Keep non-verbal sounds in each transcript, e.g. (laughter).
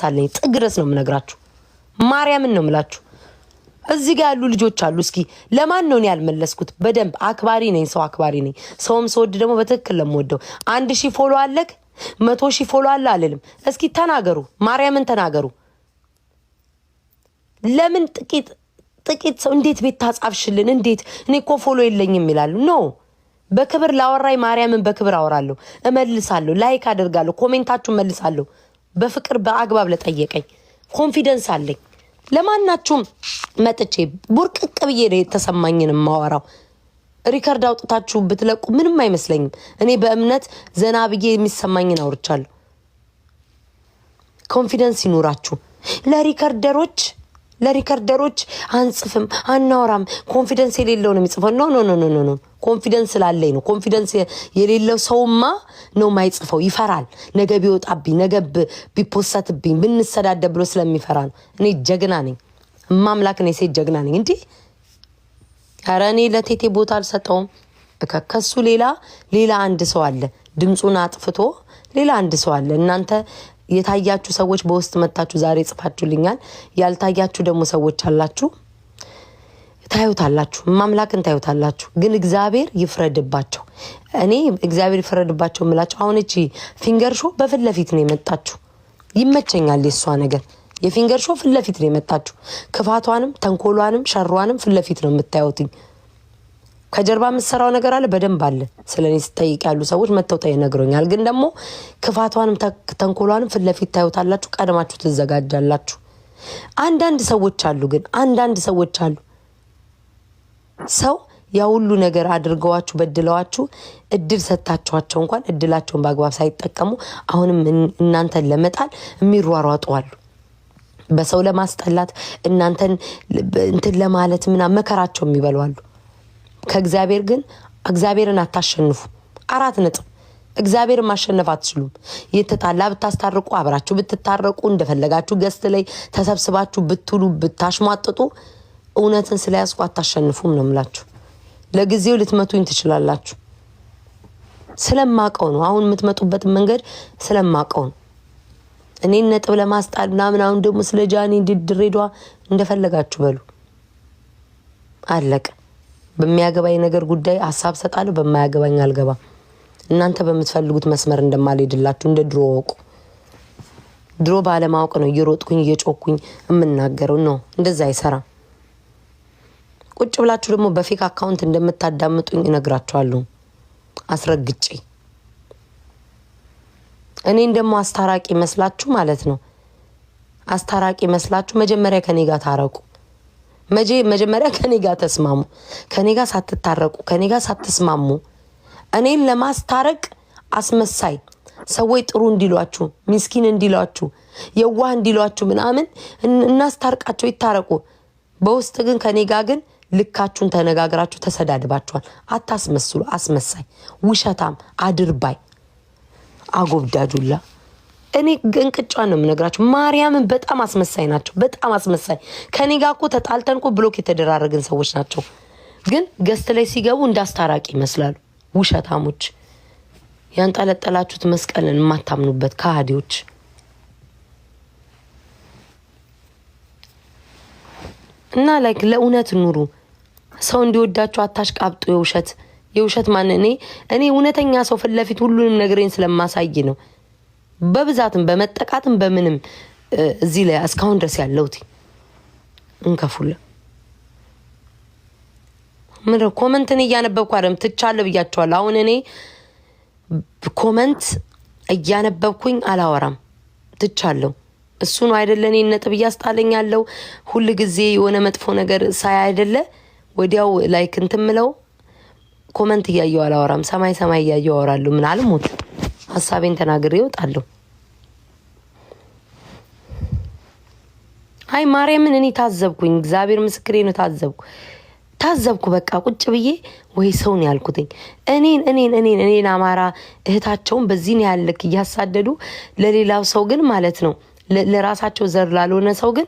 ሳለኝ ጥግረስ ነው የምነግራችሁ። ማርያምን ነው የምላችሁ። እዚህ ጋር ያሉ ልጆች አሉ። እስኪ ለማን ነው እኔ ያልመለስኩት? በደንብ አክባሪ ነኝ፣ ሰው አክባሪ ነኝ። ሰውም ስወድ ደግሞ በትክክል ለምወደው አንድ ሺህ ፎሎ አለክ፣ መቶ ሺህ ፎሎ አለ አልልም። እስኪ ተናገሩ፣ ማርያምን ተናገሩ። ለምን ጥቂት ጥቂት ሰው እንዴት ቤት ታጻፍሽልን? እንዴት እኔ እኮ ፎሎ የለኝም ይላሉ። ኖ በክብር ላወራይ ማርያምን በክብር አወራለሁ፣ እመልሳለሁ፣ ላይክ አደርጋለሁ፣ ኮሜንታችሁ እመልሳለሁ። በፍቅር በአግባብ ለጠየቀኝ ኮንፊደንስ አለኝ። ለማናችሁም መጥቼ ቡርቅቅ ብዬ የተሰማኝን የማወራው ሪከርድ አውጥታችሁ ብትለቁ ምንም አይመስለኝም። እኔ በእምነት ዘና ብዬ የሚሰማኝን አውርቻለሁ። ኮንፊደንስ ይኑራችሁ ለሪከርደሮች። ለሪከርደሮች አንጽፍም፣ አናወራም። ኮንፊደንስ የሌለው ነው የሚጽፈው። ኖ ኖ ኖ ኖ ኖ ኮንፊደንስ ስላለኝ ነው። ኮንፊደንስ የሌለው ሰውማ ነው ማይጽፈው። ይፈራል። ነገ ቢወጣብኝ፣ ነገ ቢፖሰትብኝ፣ ብንሰዳደ ብሎ ስለሚፈራ ነው። እኔ ጀግና ነኝ። እማምላክ ነው ሴት ጀግና ነኝ። እንዲህ ኧረ እኔ ለቴቴ ቦታ አልሰጠውም። ከሱ ሌላ ሌላ አንድ ሰው አለ ድምፁን አጥፍቶ ሌላ አንድ ሰው አለ። እናንተ የታያችሁ ሰዎች በውስጥ መታችሁ ዛሬ ጽፋችሁልኛል። ያልታያችሁ ደግሞ ሰዎች አላችሁ፣ ታዩታላችሁ፣ ማምላክን ታዩታላችሁ። ግን እግዚአብሔር ይፍረድባቸው። እኔ እግዚአብሔር ይፍረድባቸው የምላቸው አሁን እቺ ፊንገር ሾ በፊት ለፊት ነው የመጣችሁ። ይመቸኛል የእሷ ነገር። የፊንገር ሾ ፊት ለፊት ነው የመጣችሁ። ክፋቷንም ተንኮሏንም ሸሯንም ፊት ለፊት ነው የምታዩትኝ። ከጀርባ የምትሰራው ነገር አለ፣ በደንብ አለ። ስለ እኔ ስጠይቅ ያሉ ሰዎች መተው ይነግሮኛል። ግን ደግሞ ክፋቷንም ተንኮሏንም ፊት ለፊት ታዩታላችሁ፣ ቀድማችሁ ትዘጋጃላችሁ። አንዳንድ ሰዎች አሉ፣ ግን አንዳንድ ሰዎች አሉ ሰው ያ ሁሉ ነገር አድርገዋችሁ በድለዋችሁ እድል ሰጥታችኋቸው እንኳን እድላቸውን በአግባብ ሳይጠቀሙ አሁንም እናንተን ለመጣል የሚሯሯጡ አሉ። በሰው ለማስጠላት እናንተን እንትን ለማለት ምና መከራቸው የሚበሉ አሉ። ከእግዚአብሔር ግን እግዚአብሔርን አታሸንፉ። አራት ነጥብ። እግዚአብሔርን ማሸነፍ አትችሉም። የተጣላ ብታስታርቁ፣ አብራችሁ ብትታረቁ፣ እንደፈለጋችሁ ገስት ላይ ተሰብስባችሁ ብትሉ፣ ብታሽሟጥጡ፣ እውነትን ስለያዝኩ አታሸንፉም ነው ምላችሁ። ለጊዜው ልትመቱኝ ትችላላችሁ። ስለማቀው ነው። አሁን የምትመጡበት መንገድ ስለማቀው ነው። እኔን ነጥብ ለማስጣል ምናምን፣ አሁን ደግሞ ስለ ጃኒ ድሬዷ እንደፈለጋችሁ በሉ። አለቀ። በሚያገባኝ ነገር ጉዳይ ሀሳብ ሰጣለሁ፣ በማያገባኝ አልገባም። እናንተ በምትፈልጉት መስመር እንደማልሄድላችሁ እንደ ድሮ ወቁ። ድሮ ባለማወቅ ነው እየሮጥኩኝ እየጮኩኝ የምናገረው ነው። እንደዛ አይሰራም። ቁጭ ብላችሁ ደግሞ በፌክ አካውንት እንደምታዳምጡኝ እነግራችኋለሁ አስረግጬ። እኔን ደግሞ አስታራቂ መስላችሁ ማለት ነው አስታራቂ መስላችሁ መጀመሪያ ከኔ ጋር ታረቁ። መጀመሪያ ከኔ ጋር ተስማሙ። ከኔ ጋር ሳትታረቁ፣ ከኔ ጋር ሳትስማሙ እኔን ለማስታረቅ አስመሳይ ሰዎች ጥሩ እንዲሏችሁ፣ ሚስኪን እንዲሏችሁ፣ የዋህ እንዲሏችሁ ምናምን እናስታርቃቸው ይታረቁ። በውስጥ ግን ከኔ ጋር ግን ልካችሁን ተነጋግራችሁ ተሰዳድባችኋል። አታስመስሉ። አስመሳይ፣ ውሸታም፣ አድርባይ፣ አጎብዳጁላ እኔ እንቅጫ ነው የምነግራቸው። ማርያምን በጣም አስመሳይ ናቸው። በጣም አስመሳይ ከኔ ጋር እኮ ተጣልተን እኮ ብሎክ የተደራረግን ሰዎች ናቸው። ግን ገስት ላይ ሲገቡ እንዳስታራቂ ይመስላሉ። ውሸታሞች፣ ያንጠለጠላችሁት መስቀልን የማታምኑበት ከሃዲዎች። እና ላይክ ለእውነት ኑሩ። ሰው እንዲወዳቸው አታሽቃብጡ። የውሸት የውሸት ማን እኔ እኔ እውነተኛ ሰው ፊት ለፊት ሁሉንም ነገሬን ስለማሳይ ነው በብዛትም በመጠቃትም በምንም እዚህ ላይ እስካሁን ድረስ ያለውት እንከፉለ ምድ ኮመንትን እያነበብኩ አይደለም ትቻለ ብያቸዋለሁ። አሁን እኔ ኮመንት እያነበብኩኝ አላወራም ትቻለሁ። እሱ ነው አይደለ? እኔ ነጥብ እያስጣለኝ ያለው ሁል ጊዜ የሆነ መጥፎ ነገር ሳይ አይደለ? ወዲያው ላይክ እንትን ምለው ኮመንት እያየው አላወራም። ሰማይ ሰማይ እያየው አወራለሁ። ምን አልሞት ሀሳቤን ተናግሬ እወጣለሁ። አይ ማርያምን እኔ ታዘብኩኝ። እግዚአብሔር ምስክሬ ነው። ታዘብኩ ታዘብኩ። በቃ ቁጭ ብዬ ወይ ሰውን ያልኩትኝ እኔን እኔን እኔን እኔን አማራ እህታቸውን በዚህን ያልክ እያሳደዱ ለሌላው ሰው ግን ማለት ነው ለራሳቸው ዘር ላልሆነ ሰው ግን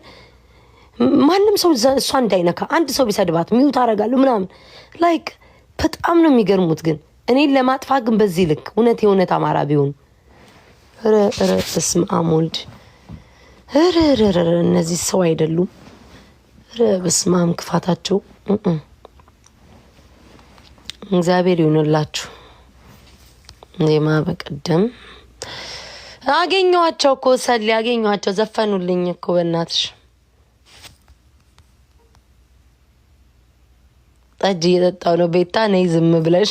ማንም ሰው እሷ እንዳይነካ አንድ ሰው ቢሰድባት ሚውት አደርጋለሁ ምናምን ላይክ በጣም ነው የሚገርሙት ግን እኔን ለማጥፋ ግን በዚህ ልክ እውነት የእውነት አማራ ቢሆን ረ ስም አሞልድ ረረረ እነዚህ ሰው አይደሉም። በስማም ክፋታቸው እግዚአብሔር ይሆንላችሁ። ዜማ በቀደም አገኘኋቸው እኮ ሰሌ አገኘኋቸው፣ ዘፈኑልኝ እኮ በእናትሽ ጠጅ እየጠጣው ነው ቤታ ነይ ዝም ብለሽ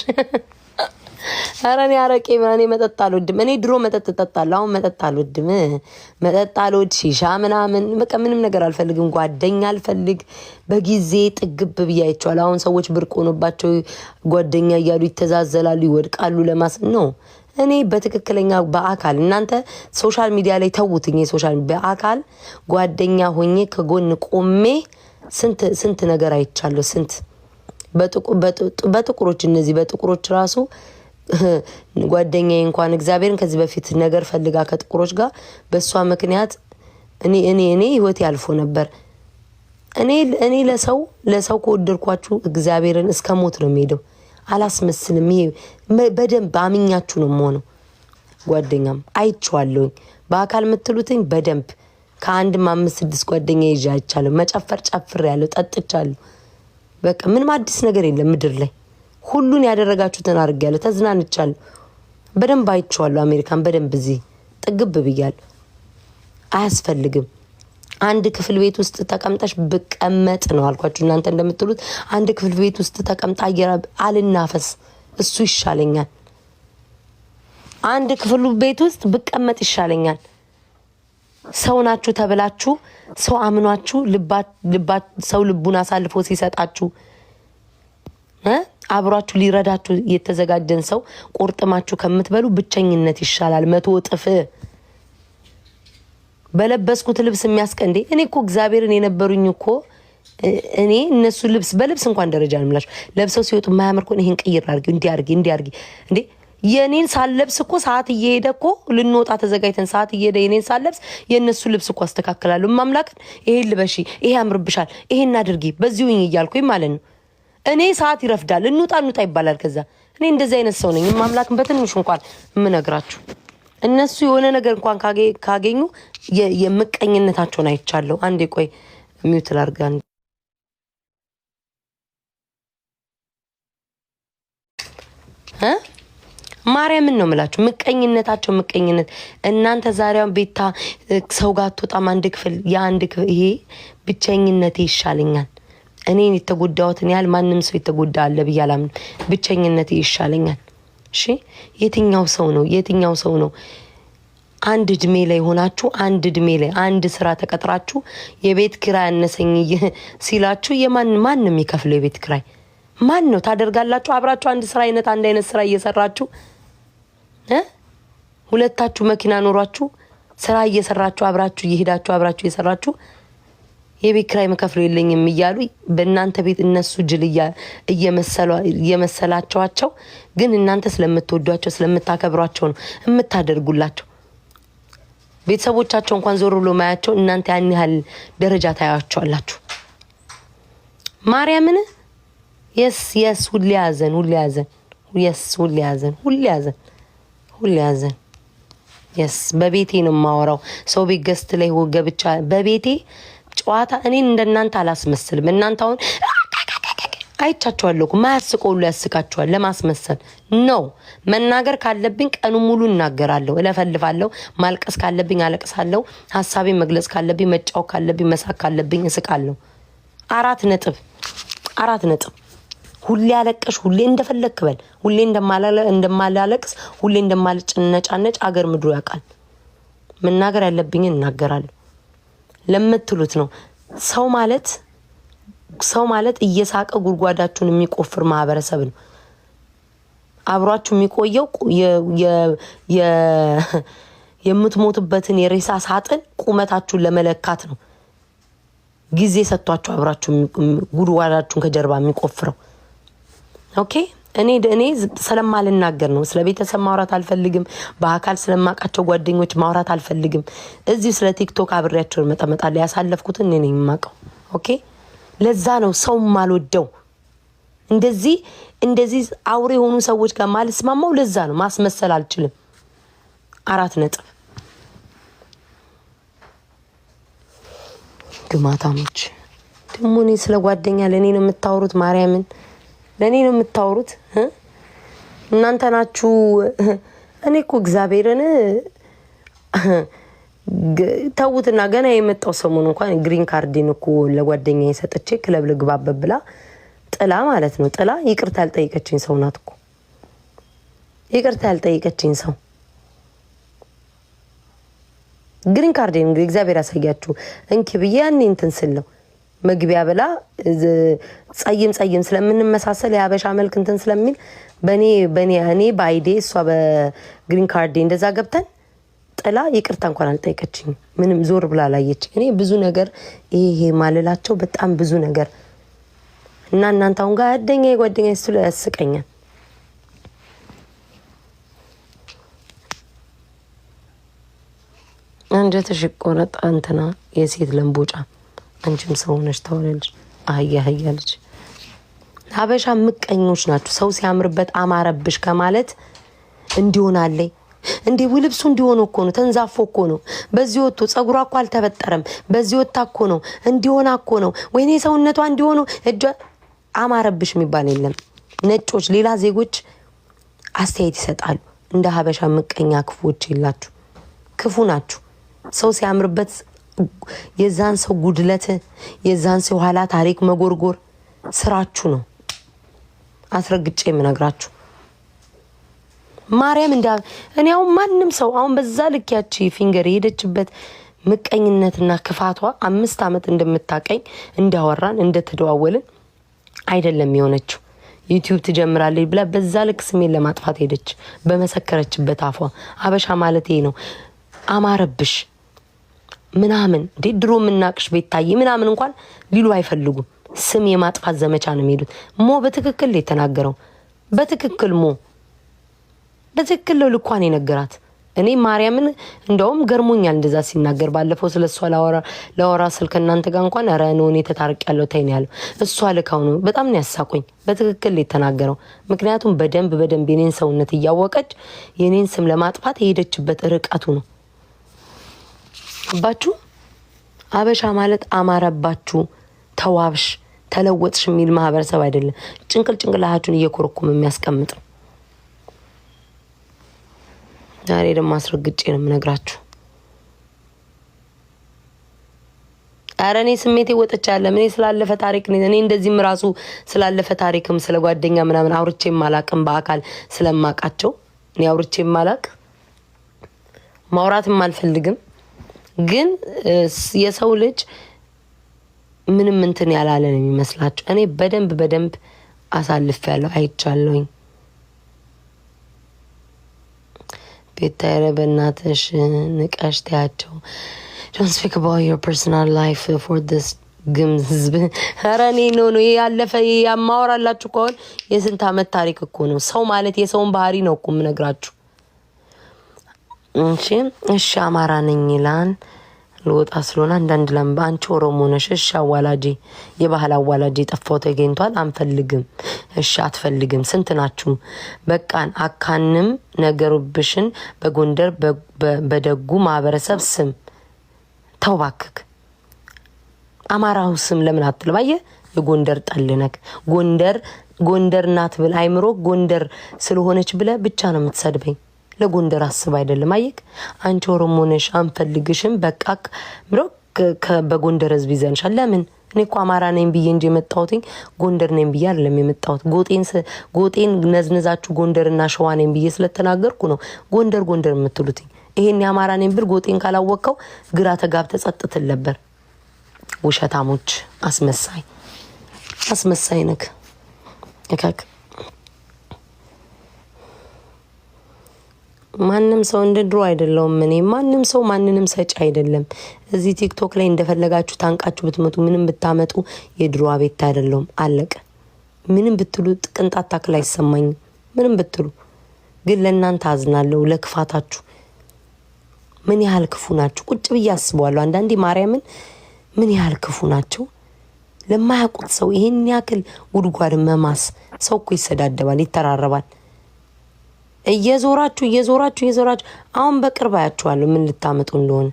ኧረ እኔ አረቄ እኔ መጠጥ አልወድም። እኔ ድሮ መጠጥ እጠጣለሁ፣ አሁን መጠጥ አልወድም። መጠጥ አልወድ፣ ሺሻ ምናምን በቃ ምንም ነገር አልፈልግም። ጓደኛ አልፈልግ። በጊዜ ጥግብ ብያቸዋል። አሁን ሰዎች ብርቅ ሆኖባቸው ጓደኛ እያሉ ይተዛዘላሉ፣ ይወድቃሉ። ለማስ ነው እኔ በትክክለኛ በአካል እናንተ ሶሻል ሚዲያ ላይ ተውትኝ። ሶሻል በአካል ጓደኛ ሆኜ ከጎን ቆሜ ስንት ስንት ነገር አይቻለሁ። ስንት በጥቁሮች እነዚህ በጥቁሮች ራሱ (laughs) ጓደኛዬ እንኳን እግዚአብሔርን ከዚህ በፊት ነገር ፈልጋ ከጥቁሮች ጋር በእሷ ምክንያት እኔ እኔ እኔ ህይወት ያልፎ ነበር። እኔ እኔ ለሰው ለሰው ከወደድኳችሁ እግዚአብሔርን እስከ ሞት ነው የሚሄደው። አላስመስልም። ይሄ በደንብ አምኛችሁ ነው የምሆነው። ጓደኛም አይቼዋለሁኝ በአካል የምትሉትኝ በደንብ ከአንድም አምስት ስድስት ጓደኛ ይዤ አይቻለሁ። መጨፈር ያለው ጠጥቻለሁ። በቃ ምንም አዲስ ነገር የለም ምድር ላይ ሁሉን ያደረጋችሁትን አድርጊያለሁ። ተዝናንቻለሁ። በደንብ አይቼዋለሁ። አሜሪካን በደንብ እዚህ ጥግብ ብያለሁ። አያስፈልግም። አንድ ክፍል ቤት ውስጥ ተቀምጠሽ ብቀመጥ ነው አልኳችሁ። እናንተ እንደምትሉት አንድ ክፍል ቤት ውስጥ ተቀምጣ አየር አልናፈስ፣ እሱ ይሻለኛል። አንድ ክፍል ቤት ውስጥ ብቀመጥ ይሻለኛል። ሰው ናችሁ ተብላችሁ ሰው አምኗችሁ ሰው ልቡን አሳልፎ ሲሰጣችሁ አብሯችሁ ሊረዳችሁ የተዘጋጀን ሰው ቁርጥማችሁ ከምትበሉ ብቸኝነት ይሻላል መቶ እጥፍ። በለበስኩት ልብስ የሚያስቀ እንዴ እኔ እኮ እግዚአብሔርን የነበሩኝ እኮ እኔ እነሱ ልብስ በልብስ እንኳን ደረጃ ነው ምላቸው ለብሰው ሲወጡ የማያምር እኮ ይህን ቅይር አድርጊ እንዲህ አድርጊ እንዲህ አድርጊ እንዴ የእኔን ሳለብስ እኮ ሰዓት እየሄደ እኮ ልንወጣ ተዘጋጅተን ሰዓት እየሄደ የኔን ሳለብስ የእነሱ ልብስ እኮ አስተካክላለሁ። ማምላክን ይሄን ልበሺ፣ ይሄ ያምርብሻል፣ ይሄን አድርጊ፣ በዚሁኝ እያልኩኝ ማለት ነው። እኔ ሰዓት ይረፍዳል፣ እንውጣ እንውጣ ይባላል። ከዛ እኔ እንደዚህ አይነት ሰው ነኝ። ማምላክን በትንሹ እንኳን የምነግራችሁ እነሱ የሆነ ነገር እንኳን ካገኙ የምቀኝነታቸውን አይቻለሁ። አንዴ ቆይ ሚውት ላድርግ። ማርያምን ነው የምላችሁ። ምቀኝነታቸው ምቀኝነት እናንተ ዛሬውን ቤታ ሰው ጋር አትወጣም አንድ ክፍል የአንድ ክፍል ይሄ ብቸኝነቴ ይሻለኛል እኔ የተጎዳሁትን ያህል ማንም ሰው የተጎዳ አለ ብዬ አላምንም። ብቸኝነት ይሻለኛል። እሺ፣ የትኛው ሰው ነው የትኛው ሰው ነው አንድ እድሜ ላይ ሆናችሁ አንድ እድሜ ላይ አንድ ስራ ተቀጥራችሁ የቤት ክራይ አነሰኝ ሲላችሁ የማን ማን ነው የሚከፍለው የቤት ክራይ ማን ነው ታደርጋላችሁ? አብራችሁ አንድ ስራ አይነት አንድ አይነት ስራ እየሰራችሁ ሁለታችሁ መኪና ኖሯችሁ ስራ እየሰራችሁ አብራችሁ እየሄዳችሁ አብራችሁ እየሰራችሁ የቤት ክራይ መከፍሎ የለኝም እያሉ በእናንተ ቤት እነሱ ጅል እየመሰላቸዋቸው፣ ግን እናንተ ስለምትወዷቸው ስለምታከብሯቸው ነው የምታደርጉላቸው። ቤተሰቦቻቸው እንኳን ዞር ብሎ ማያቸው፣ እናንተ ያን ያህል ደረጃ ታያቸዋላችሁ። ማርያምን የስ የስ ሁሌ ያዘን ሁሌ ያዘን የስ ሁሌ ያዘን ሁሌ ያዘን ሁሌ ያዘን የስ በቤቴ ነው የማወራው። ሰው ቤት ገስት ላይ ገብቻ በቤቴ ጨዋታ እኔ እንደናንተ አላስመስልም። እናንተ አሁን አይቻችኋለሁ። ማያስቀው ሁሉ ያስቃችኋል። ለማስመሰል ነው። መናገር ካለብኝ ቀኑ ሙሉ እናገራለሁ፣ እለፈልፋለሁ። ማልቀስ ካለብኝ አለቅሳለሁ። ሀሳቤ መግለጽ ካለብኝ፣ መጫወት ካለብኝ፣ መሳቅ ካለብኝ እስቃለሁ። አራት ነጥብ፣ አራት ነጥብ። ሁሌ አለቀሽ፣ ሁሌ እንደፈለክ በል። ሁሌ እንደማላለቅስ፣ ሁሌ እንደማልጨነጫነጭ አገር ምድሩ ያውቃል። መናገር ያለብኝ እናገራለሁ። ለምትሉት ነው። ሰው ማለት ሰው ማለት እየሳቀ ጉድጓዳችሁን የሚቆፍር ማህበረሰብ ነው። አብሯችሁ የሚቆየው የምትሞትበትን የሬሳ ሳጥን ቁመታችሁን ለመለካት ነው። ጊዜ ሰጥቷችሁ አብራችሁ ጉድጓዳችሁን ከጀርባ የሚቆፍረው ኦኬ እኔ እኔ ስለማልናገር ነው። ስለ ቤተሰብ ማውራት አልፈልግም። በአካል ስለማውቃቸው ጓደኞች ማውራት አልፈልግም። እዚህ ስለ ቲክቶክ አብሬያቸውን መጠመጣለሁ። ያሳለፍኩትን እኔ ነኝ የማውቀው። ኦኬ፣ ለዛ ነው ሰው ማልወደው። እንደዚህ እንደዚህ አውሬ የሆኑ ሰዎች ጋር ማልስማማው ለዛ ነው። ማስመሰል አልችልም። አራት ነጥብ። ግማታሞች ደግሞ እኔ ስለ ጓደኛ ለእኔ ነው የምታወሩት ማርያምን ለእኔ ነው የምታወሩት እናንተ ናችሁ። እኔ እኮ እግዚአብሔርን ተዉትና ገና የመጣው ሰሞን እንኳን ግሪን ካርድን እኮ ለጓደኛ የሰጠቼ ክለብ ልግባበት ብላ ጥላ ማለት ነው ጥላ ይቅርታ ያልጠይቀችኝ ሰው ናት እኮ ይቅርታ ያልጠይቀችኝ ሰው ግሪን ካርዴን እንግዲህ እግዚአብሔር ያሳያችሁ እንኪ ብዬ ያኔ እንትን ስለው መግቢያ ብላ ጸይም ጸይም ስለምንመሳሰል የሀበሻ መልክ እንትን ስለሚል በእኔ በእኔ እኔ በአይዴ እሷ በግሪን ካርዴ እንደዛ ገብተን ጥላ ይቅርታ እንኳን አልጠይቀችኝ። ምንም ዞር ብላ ላየች። እኔ ብዙ ነገር ይሄ ማልላቸው በጣም ብዙ ነገር እና እናንተ አሁን ጋር አደኛ የጓደኛ ስ ያስቀኛል። አንጀትሽ እንትና የሴት ለምቦጫ አንቺም ሰው ነሽ ተወለድሽ። አህያ አህያ ልጅ ሀበሻ ምቀኞች ናቸው። ሰው ሲያምርበት አማረብሽ ከማለት እንዲሆን አለኝ እንዴ ልብሱ እንዲሆነ እኮ ነው። ተንዛፎ እኮ ነው። በዚህ ወጥቶ ጸጉሯ እኮ አልተበጠረም። በዚህ ወጥታ እኮ ነው እንዲሆን እኮ ነው። ወይኔ ሰውነቷ እንዲሆኑ እጇ አማረብሽ የሚባል የለም። ነጮች፣ ሌላ ዜጎች አስተያየት ይሰጣሉ። እንደ ሀበሻ ምቀኛ ክፉዎች የላችሁ። ክፉ ናችሁ። ሰው ሲያምርበት የዛን ሰው ጉድለት የዛን ሰው ኋላ ታሪክ መጎርጎር ስራችሁ ነው። አስረግጬ የምነግራችሁ ማርያም እንዳ እኔ አሁን ማንም ሰው አሁን በዛ ልክ ያቺ ፊንገር የሄደችበት ምቀኝነትና ክፋቷ አምስት ዓመት እንደምታቀኝ እንዳወራን እንደተደዋወልን አይደለም የሆነችው። ዩቲዩብ ትጀምራለች ብላ በዛ ልክ ስሜን ለማጥፋት ሄደች። በመሰከረችበት አፏ አበሻ ማለት ይሄ ነው። አማረብሽ ምናምን እንዴ ድሮ የምናቅሽ ቤታይ ምናምን እንኳን ሊሉ አይፈልጉም። ስም የማጥፋት ዘመቻ ነው የሚሄዱት። ሞ በትክክል የተናገረው በትክክል ሞ በትክክል ለው ልኳን የነገራት እኔ ማርያምን እንደውም ገርሞኛል እንደዛ ሲናገር። ባለፈው ስለ እሷ ለወራ ስልክ እናንተ ጋር እንኳን ረ ነሆኔ ተታርቅ ያለው ተይን ያለው እሷ ልካው ነው። በጣም ነው ያሳቆኝ። በትክክል የተናገረው ምክንያቱም በደንብ በደንብ የኔን ሰውነት እያወቀች የኔን ስም ለማጥፋት የሄደችበት ርቀቱ ነው። አባችሁ አበሻ ማለት አማረባችሁ፣ ተዋብሽ፣ ተለወጥሽ የሚል ማህበረሰብ አይደለም። ጭንቅል ጭንቅላታችሁን እየኮረኩም የሚያስቀምጥ ዛሬ ደግሞ አስረግጬ ነው የምነግራችሁ። ኧረ እኔ ስሜቴ ወጥቻ ያለም እኔ ስላለፈ ታሪክ እኔ እንደዚህም ራሱ ስላለፈ ታሪክም ስለ ጓደኛ ምናምን አውርቼ የማላቅም በአካል ስለማቃቸው እኔ አውርቼ ማላቅ ማውራትም አልፈልግም። ግን የሰው ልጅ ምንም እንትን ያላለ ነው የሚመስላቸው። እኔ በደንብ በደንብ አሳልፍ ያለው አይቻለሁኝ። ቤታዬ ኧረ በእናትሽ ንቀሽ ትያቸው። ዶንት ስፒክ አባውት ዮር ፐርሰናል ላይፍ ፎር ዲስ ግምዝብ ኧረ እኔ ነው ነው ያለፈ የማወራላችሁ ከሆን የስንት አመት ታሪክ እኮ ነው። ሰው ማለት የሰውን ባህሪ ነው እኮ የምነግራችሁ። እንቺ እሺ አማራ ነኝ ይላን ልወጣ ስለሆነ አንዳንድ ላምባ በአንቺ ኦሮሞ ነሽ። እሺ አዋላጅ የባህል አዋላጅ የጠፋው ተገኝቷል። አንፈልግም። እሺ አትፈልግም። ስንት ናችሁ? በቃን። አካንም ነገሩብሽን በጎንደር በደጉ ማህበረሰብ ስም ተው እባክህ። አማራው ስም ለምን አትልም? የጎንደር ጠልነክ ጎንደር ጎንደር ናት ብል አይምሮ ጎንደር ስለሆነች ብለ ብቻ ነው የምትሰድበኝ። ለጎንደር አስብ አይደለም። አየክ አንቺ ኦሮሞ ነሽ አንፈልግሽም፣ በቃ ምሮ በጎንደር ህዝብ ይዘንሻል። ለምን እኔ እኮ አማራ ነኝ ብዬ እንጂ የመጣሁትኝ ጎንደር ነኝ ብዬ አይደለም የመጣሁት። ጎጤን ነዝንዛችሁ ጎንደርና ሸዋ ነኝ ብዬ ስለተናገርኩ ነው ጎንደር ጎንደር የምትሉትኝ። ይሄን የአማራ ነኝ ብል ጎጤን ካላወቀው ግራ ተጋብተ ጸጥትል ነበር። ውሸታሞች፣ አስመሳይ አስመሳይ ነክ ማንም ሰው እንደ ድሮ አይደለውም። እኔ ማንም ሰው ማንንም ሰጪ አይደለም። እዚህ ቲክቶክ ላይ እንደፈለጋችሁ ታንቃችሁ ብትመጡ ምንም ብታመጡ የድሮ ቤት አይደለውም። አለቀ። ምንም ብትሉ ቅንጣት ታክል አይሰማኝም። ምንም ብትሉ ግን ለእናንተ አዝናለሁ፣ ለክፋታችሁ። ምን ያህል ክፉ ናቸው? ቁጭ ብዬ አስበዋለሁ አንዳንዴ ማርያምን፣ ምን ያህል ክፉ ናቸው? ለማያውቁት ሰው ይሄን ያክል ጉድጓድ መማስ። ሰው እኮ ይሰዳደባል፣ ይተራረባል። እየዞራችሁ እየዞራችሁ እየዞራችሁ አሁን በቅርብ አያችኋለሁ ምን ልታመጡ እንደሆነ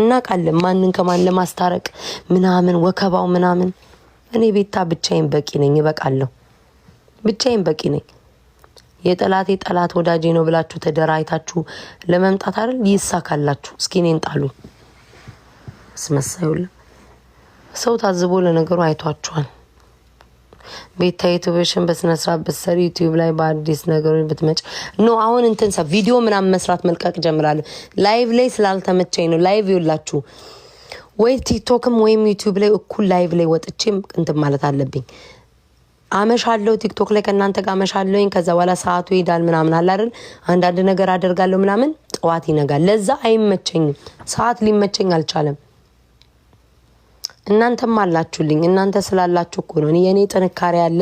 እናውቃለን። ማንን ከማን ለማስታረቅ ምናምን ወከባው ምናምን። እኔ ቤታ ብቻዬን በቂ ነኝ፣ እበቃለሁ። ብቻዬን በቂ ነኝ። የጠላቴ ጠላት ወዳጄ ነው ብላችሁ ተደራይታችሁ ለመምጣት አይደል? ይሳካላችሁ። እስኪ እኔን ጣሉኝ። አስመሳዩላ ሰው ታዝቦ ለነገሩ አይቷችኋል። ቤታ ዩቱብሽን በስነስርዓት ብትሰሪ ዩቲዩብ ላይ በአዲስ ነገሮች ብትመጭ ኖ አሁን እንትንሳ ቪዲዮ ምናምን መስራት መልቀቅ ጀምራለሁ። ላይቭ ላይ ስላልተመቸኝ ነው። ላይቭ ይውላችሁ ወይ ቲክቶክም ወይም ዩቲዩብ ላይ እኩል ላይቭ ላይ ወጥቼም እንትን ማለት አለብኝ። አመሻለሁ ቲክቶክ ላይ ከእናንተ ጋር አመሻለሁኝ። ከዛ በኋላ ሰዓቱ ይሄዳል ምናምን አለ አይደል? አንዳንድ ነገር አደርጋለሁ ምናምን፣ ጠዋት ይነጋል። ለዛ አይመቸኝም። ሰዓት ሊመቸኝ አልቻለም። እናንተም አላችሁልኝ። እናንተ ስላላችሁ እኮ ነው የእኔ ጥንካሬ አለ፣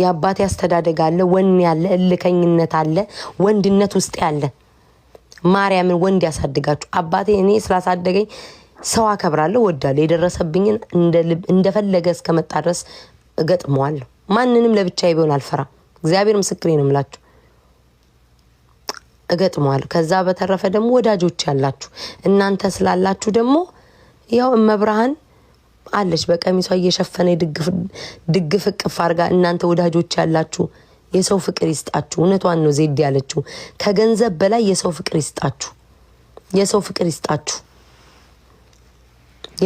የአባቴ አስተዳደግ አለ፣ ወን አለ፣ እልከኝነት አለ፣ ወንድነት ውስጥ ያለ ማርያምን ወንድ ያሳድጋችሁ። አባቴ እኔ ስላሳደገኝ ሰው አከብራለሁ፣ ወዳለሁ። የደረሰብኝን እንደፈለገ እስከመጣ ድረስ እገጥመዋለሁ። ማንንም ለብቻ ቢሆን አልፈራም። እግዚአብሔር ምስክሬ ነው የምላችሁ እገጥመዋለሁ። ከዛ በተረፈ ደግሞ ወዳጆች ያላችሁ እናንተ ስላላችሁ ደግሞ ያው እመብርሃን አለች በቀሚሷ እየሸፈነ ድግፍ እቅፍ አርጋ እናንተ ወዳጆች ያላችሁ የሰው ፍቅር ይስጣችሁ። እውነቷን ነው ዜድ ያለችው። ከገንዘብ በላይ የሰው ፍቅር ይስጣችሁ፣ የሰው ፍቅር ይስጣችሁ።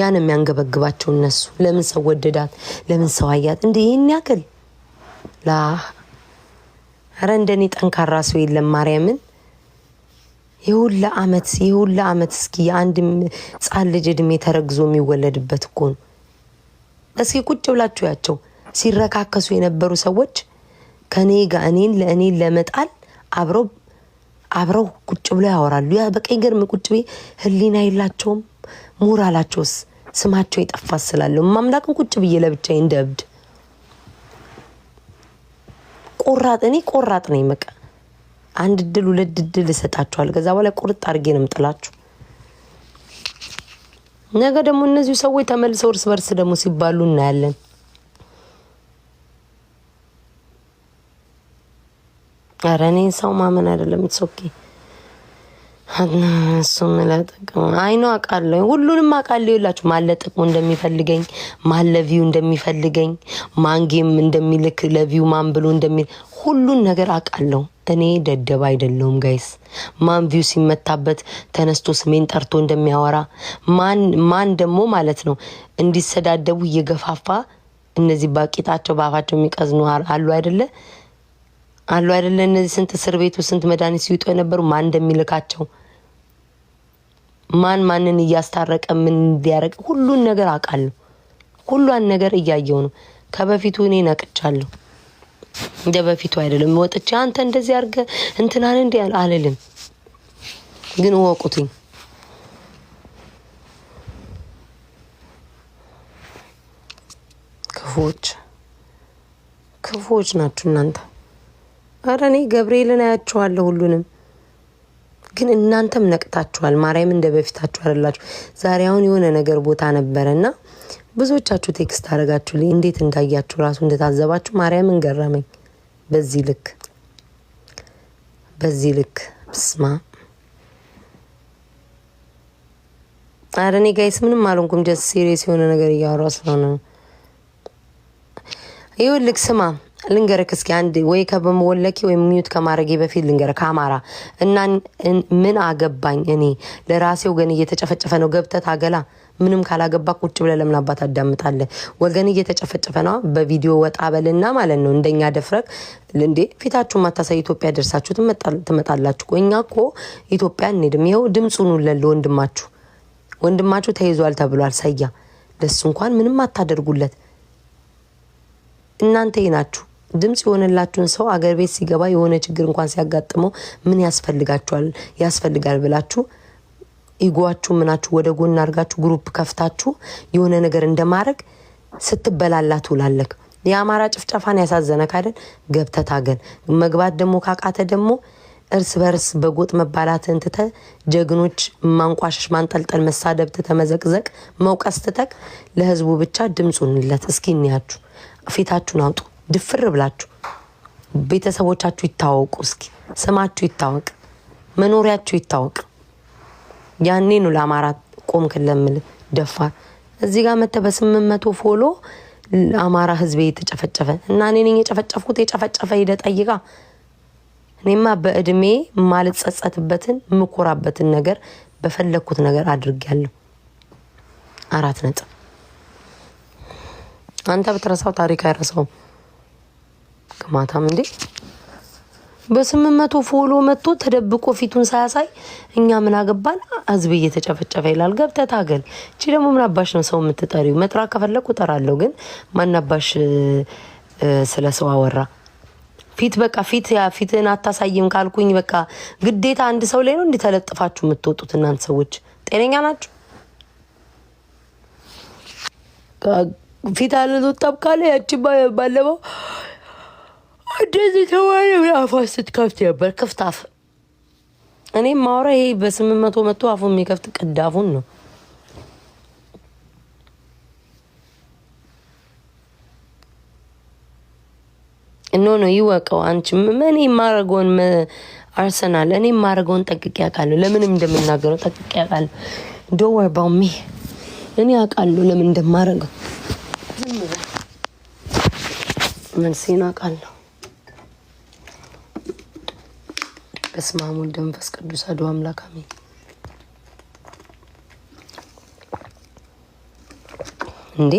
ያን የሚያንገበግባቸው እነሱ ለምን ሰው ወደዳት፣ ለምን ሰው አያት፣ እንደ ይህን ያክል ላ ረ እንደኔ ጠንካራ ሰው የለም። ማርያምን የሁላ አመት የሁላ አመት እስኪ የአንድ ህጻን ልጅ እድሜ ተረግዞ የሚወለድበት እኮ ነው። እስኪ ቁጭ ብላችሁ ያቸው ሲረካከሱ የነበሩ ሰዎች ከኔ ጋር እኔን ለእኔን ለመጣል አብረው አብረው ቁጭ ብለው ያወራሉ። ያ በቀኝ ገርም ቁጭ ቤ ህሊና የላቸውም። ሞራላቸውስ ስማቸው የጠፋ ስላለሁ ማምላክን ቁጭ ብዬ ለብቻ እንደ እብድ ቆራጥ እኔ ቆራጥ ነኝ። በቃ አንድ ድል ሁለት ድል እሰጣችኋል። ከዛ በኋላ ቁርጥ አድርጌ ነው የምጥላችሁ። ነገ ደግሞ እነዚሁ ሰዎች ተመልሰው እርስ በርስ ደግሞ ሲባሉ እናያለን። ኧረ እኔን ሰው ማመን አይደለም። ኢትስ ኦኬ እሱ ምለው አይኖ አቃለሁ ሁሉንም አቃለሁ። የላችሁ ማን ለጥቅሙ እንደሚፈልገኝ፣ ማን ለቪው እንደሚፈልገኝ፣ ማን ጌም እንደሚልክ ለቪው ማን ብሎ እንደሚ ሁሉን ነገር አቃለሁ። እኔ ደደብ አይደለሁም ጋይስ። ማን ቪው ሲመታበት ተነስቶ ስሜን ጠርቶ እንደሚያወራ ማን ደግሞ ማለት ነው እንዲሰዳደቡ እየገፋፋ እነዚህ ባቂጣቸው በአፋቸው የሚቀዝኑ አሉ አይደለ አሉ አይደለ እነዚህ ስንት እስር ቤቱ ስንት መድኃኒት ሲውጡ የነበሩ ማን እንደሚልካቸው ማን ማንን እያስታረቀ ምን እንዲያረቅ ሁሉን ነገር አውቃለሁ። ሁሏን ነገር እያየው ነው። ከበፊቱ እኔ ነቅቻለሁ። እንደ በፊቱ አይደለም። ወጥቼ አንተ እንደዚህ አድርገ እንትናን እንዲ አልልም። ግን እወቁትኝ ክፉዎች ክፉዎች ናችሁ እናንተ። አረ እኔ ገብርኤልን አያቸዋለሁ ሁሉንም ግን እናንተም ነቅታችኋል። ማርያም እንደ በፊታችሁ አይደላችሁ። ዛሬ አሁን የሆነ ነገር ቦታ ነበረ ነበረና ብዙዎቻችሁ ቴክስት አደረጋችሁልኝ። እንዴት እንዳያችሁ ራሱ እንደታዘባችሁ ማርያምን ገረመኝ። በዚህ ልክ በዚህ ልክ ስማ አረኔ ጋይስ ምንም አልሆንኩም። ጀስት ሲሪየስ የሆነ ነገር እያወራ ስለሆነ ነው። ይኸውልህ፣ ስማ ልንገርክ እስኪ አንድ ወይ ከበመወለኪ ወይ ሚዩት ከማድረጌ በፊት ልንገርክ አማራ እና ምን አገባኝ እኔ ለራሴ ወገን እየተጨፈጨፈ ነው። ገብተህ ታገላ ምንም ካላገባ ቁጭ ብለህ ለምን አባት አዳምጣለህ? ወገን እየተጨፈጨፈ ነው። በቪዲዮ ወጣ በልና ማለት ነው እንደኛ ደፍረክ እንዴ ፊታችሁን ማታሳይ ኢትዮጵያ ደርሳችሁ ትመጣላችሁ። እኛ ኮ ኢትዮጵያ እንሄድም። ይኸው ድምፁ ለለ ወንድማችሁ ወንድማችሁ ተይዟል ተብሏል። ሰያ ለሱ እንኳን ምንም አታደርጉለት እናንተ ናችሁ። ድምፅ የሆነላችሁን ሰው አገር ቤት ሲገባ የሆነ ችግር እንኳን ሲያጋጥመው ምን ያስፈልጋቸዋል ያስፈልጋል ብላችሁ ኢጓችሁ ምናችሁ ወደ ጎን አድርጋችሁ ግሩፕ ከፍታችሁ የሆነ ነገር እንደማድረግ ስትበላላ ትውላለክ። የአማራ ጭፍጨፋን ያሳዘነ ካደን ገብተ ታገል። መግባት ደግሞ ካቃተ ደግሞ እርስ በርስ በጎጥ መባላትን ትተ ጀግኖች ማንቋሸሽ፣ ማንጠልጠል፣ መሳደብ ትተ መዘቅዘቅ፣ መውቀስ ትተቅ ለህዝቡ ብቻ ድምፁንለት እስኪ እንያችሁ፣ ፊታችሁን አውጡ። ድፍር ብላችሁ ቤተሰቦቻችሁ ይታወቁ፣ እስኪ ስማችሁ ይታወቅ፣ መኖሪያችሁ ይታወቅ። ያኔ ነው ለአማራ ቆምክ ለምል ደፋር እዚህ ጋር መተ በስምንት መቶ ፎሎ አማራ ህዝቤ የተጨፈጨፈ እና እኔ የጨፈጨፉት የጨፈጨፍኩት። የጨፈጨፈ ሂደ ጠይቃ። እኔማ በእድሜ ማልጸጸትበትን የምኮራበትን ነገር በፈለግኩት ነገር አድርጌያለሁ። አራት ነጥብ። አንተ ብትረሳው ታሪክ አይረሳውም። ማታም እንዴ በስምንት መቶ ፎሎ መጥቶ ተደብቆ ፊቱን ሳያሳይ እኛ ምን አገባን፣ ህዝብ እየተጨፈጨፈ ይላል። ገብተህ ታገል። እቺ ደግሞ ምን አባሽ ነው ሰው የምትጠሪው? መጥራ ከፈለግ እጠራለሁ፣ ግን አባሽ ስለ ሰው አወራ። ፊት በቃ ፊት ፊትን አታሳይም ካልኩኝ በቃ ግዴታ አንድ ሰው ላይ ነው እንዲተለጥፋችሁ የምትወጡት እናንተ ሰዎች ጤነኛ ናችሁ? ፊት አለ ጠብቃለ ያቺ ባለበው እንደዚህ ተባለ። አፏ ስትከፍት ነበር ክፍት አፍ። እኔ ማውራ ይሄ በስምንት መቶ መቶ አፉን የሚከፍት ቅዳፉን ነው። ኖ ኖ ይወቀው። አንቺ እኔ የማረገውን አርሰናል እኔ የማረገውን ጠቅቄ አውቃለሁ። ለምንም እንደምናገረው ጠቅቄ አውቃለሁ። ዶንት ወሪ አባውት ሚ እኔ አውቃለሁ ለምን እንደማረገው መልሴን አውቃለሁ። በስመ አብ ወወልድ ወመንፈስ ቅዱስ አሐዱ አምላክ አሜን። እንዴ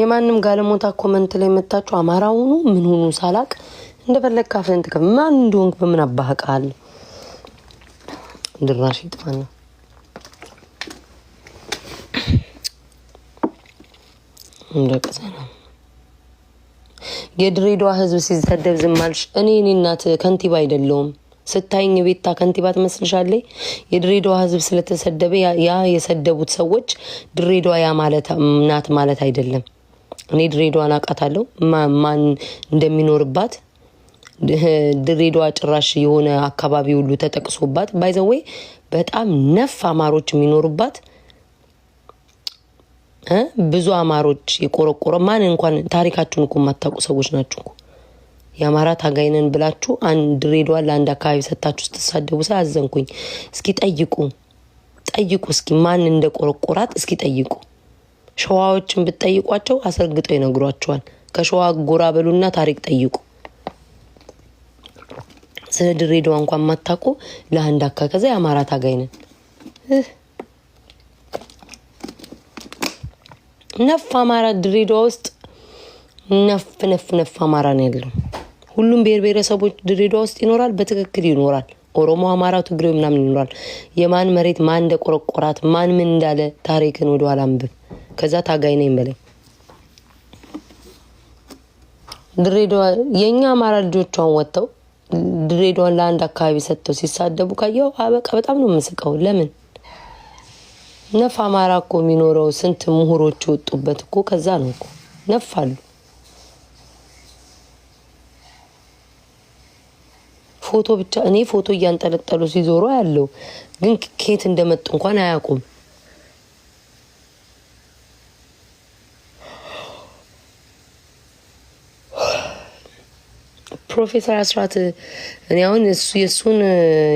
የማንም ጋለሞታ ኮመንት ላይ መታችሁ አማራ ሁኑ ምን ሁኑ ሳላቅ እንደፈለግ ካፍን ትከፍ ማን እንደሆንክ በምን አባህ ቃል ድራሽ ይጥፋና እንደቀሰና የድሬዳዋ ህዝብ ሲሰደብ ዝም አልሽ? እኔ እኔ እናት ከንቲባ አይደለውም ስታይኝ ቤታ ከንቲባ ትመስልሻለች? የድሬዳዋ ህዝብ ስለተሰደበ ያ የሰደቡት ሰዎች ድሬዳዋ ያ ማለት ናት ማለት አይደለም። እኔ ድሬዳዋን አውቃታለሁ፣ ማን እንደሚኖርባት ድሬዳዋ ጭራሽ የሆነ አካባቢ ሁሉ ተጠቅሶባት ባይዘወይ በጣም ነፍ አማሮች የሚኖሩባት ብዙ አማሮች የቆረቆረ ማን እንኳን ታሪካችሁን እኮ የማታውቁ ሰዎች ናችሁ እኮ የአማራ ታጋይ ነን ብላችሁ አንድ ሬዷ ለአንድ አካባቢ ሰታችሁ ስትሳደቡ ሰ አዘንኩኝ። እስኪ ጠይቁ ጠይቁ፣ እስኪ ማን እንደ ቆረቆራት እስኪ ጠይቁ። ሸዋዎችን ብትጠይቋቸው አስረግጠው ይነግሯቸዋል። ከሸዋ ጎራ በሉና ታሪክ ጠይቁ። ስለ ድሬዳዋ እንኳን ማታውቁ ለአንድ አካ ከዛ የአማራ ታጋይ ነን ነፍ አማራ ድሬዳዋ ውስጥ ነፍ ነፍ ነፍ አማራ ነው ያለው። ሁሉም ብሔር ብሔረሰቦች ድሬዳዋ ውስጥ ይኖራል። በትክክል ይኖራል። ኦሮሞ፣ አማራው፣ ትግሬው ምናምን ይኖራል። የማን መሬት ማን እንደቆረቆራት ማን ምን እንዳለ ታሪክን ወደኋላ አንብብ። ከዛ ታጋይ ነኝ በላይ ድሬዳዋ የእኛ አማራ ልጆቿን ወጥተው ድሬዳዋን ለአንድ አካባቢ ሰጥተው ሲሳደቡ ካየው አበቃ። በጣም ነው የምንስቀው። ለምን ነፍ አማራ እኮ የሚኖረው ስንት ምሁሮች ወጡበት እኮ ከዛ ነው እኮ ነፍ አሉ። ፎቶ ብቻ እኔ ፎቶ እያንጠለጠሉ ሲዞሩ ያለው ግን ኬት እንደመጡ እንኳን አያውቁም። ፕሮፌሰር አስራት እኔ አሁን የእሱን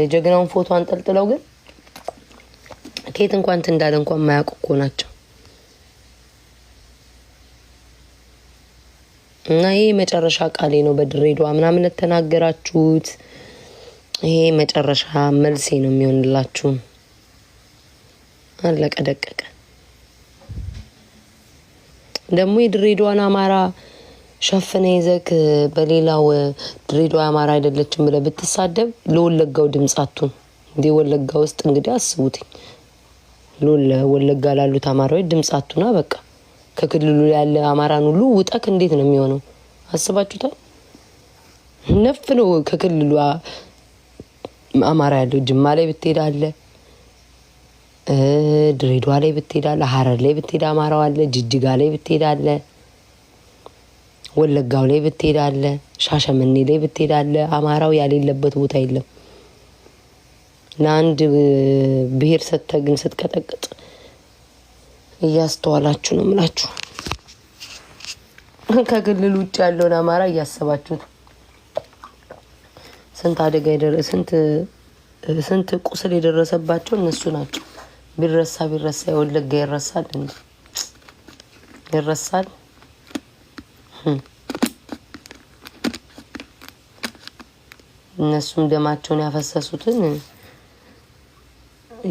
የጀግናውን ፎቶ አንጠልጥለው ግን ከየት እንኳን እንዳል እንኳን ማያውቁ እኮ ናቸው። እና ይሄ መጨረሻ ቃሌ ነው። በድሬዳዋ ምናምን ተናገራችሁት፣ ይሄ መጨረሻ መልሴ ነው የሚሆንላችሁ። አለቀ ደቀቀ። ደግሞ የድሬዳዋን አማራ ሸፍነ ይዘክ በሌላው ድሬዳዋ አማራ አይደለችም ብለህ ብትሳደብ ለወለጋው ድምጻቱን እንዲህ ወለጋ ውስጥ እንግዲህ አስቡትኝ ወለጋ ላሉት አማራዎች ድምፅ አቱና በቃ ከክልሉ ያለ አማራን ሁሉ ውጠክ እንዴት ነው የሚሆነው? አስባችሁታል? ነፍ ነው ከክልሉ አማራ ያለው ጅማ ላይ ብትሄድ አለ፣ ድሬዳዋ ላይ ብትሄድ አለ፣ ሀረር ላይ ብትሄድ አማራው አለ፣ ጅጅጋ ላይ ብትሄድ አለ፣ ወለጋው ላይ ብትሄድ አለ፣ ሻሸመኔ ላይ ብትሄድ አለ። አማራው ያሌለበት ቦታ የለም። ለአንድ ብሄር ሰጥተህ ግን ስትቀጠቅጥ እያስተዋላችሁ ነው የምላችሁ። ከክልል ውጭ ያለውን አማራ እያሰባችሁት ስንት አደጋ ስንት ቁስል የደረሰባቸው እነሱ ናቸው። ቢረሳ ቢረሳ የወለጋ ይረሳል ይረሳል። እነሱም ደማቸውን ያፈሰሱትን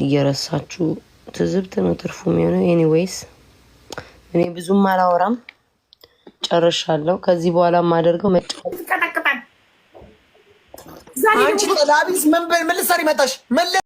እየረሳችሁ ትዝብት ነው ትርፉ የሚሆነው። ኤኒዌይስ እኔ ብዙም አላወራም፣ ጨርሻለሁ። ከዚህ በኋላ የማደርገው መጭ አንቺ ላቢስ ምን ልትሰሪ መጣሽ?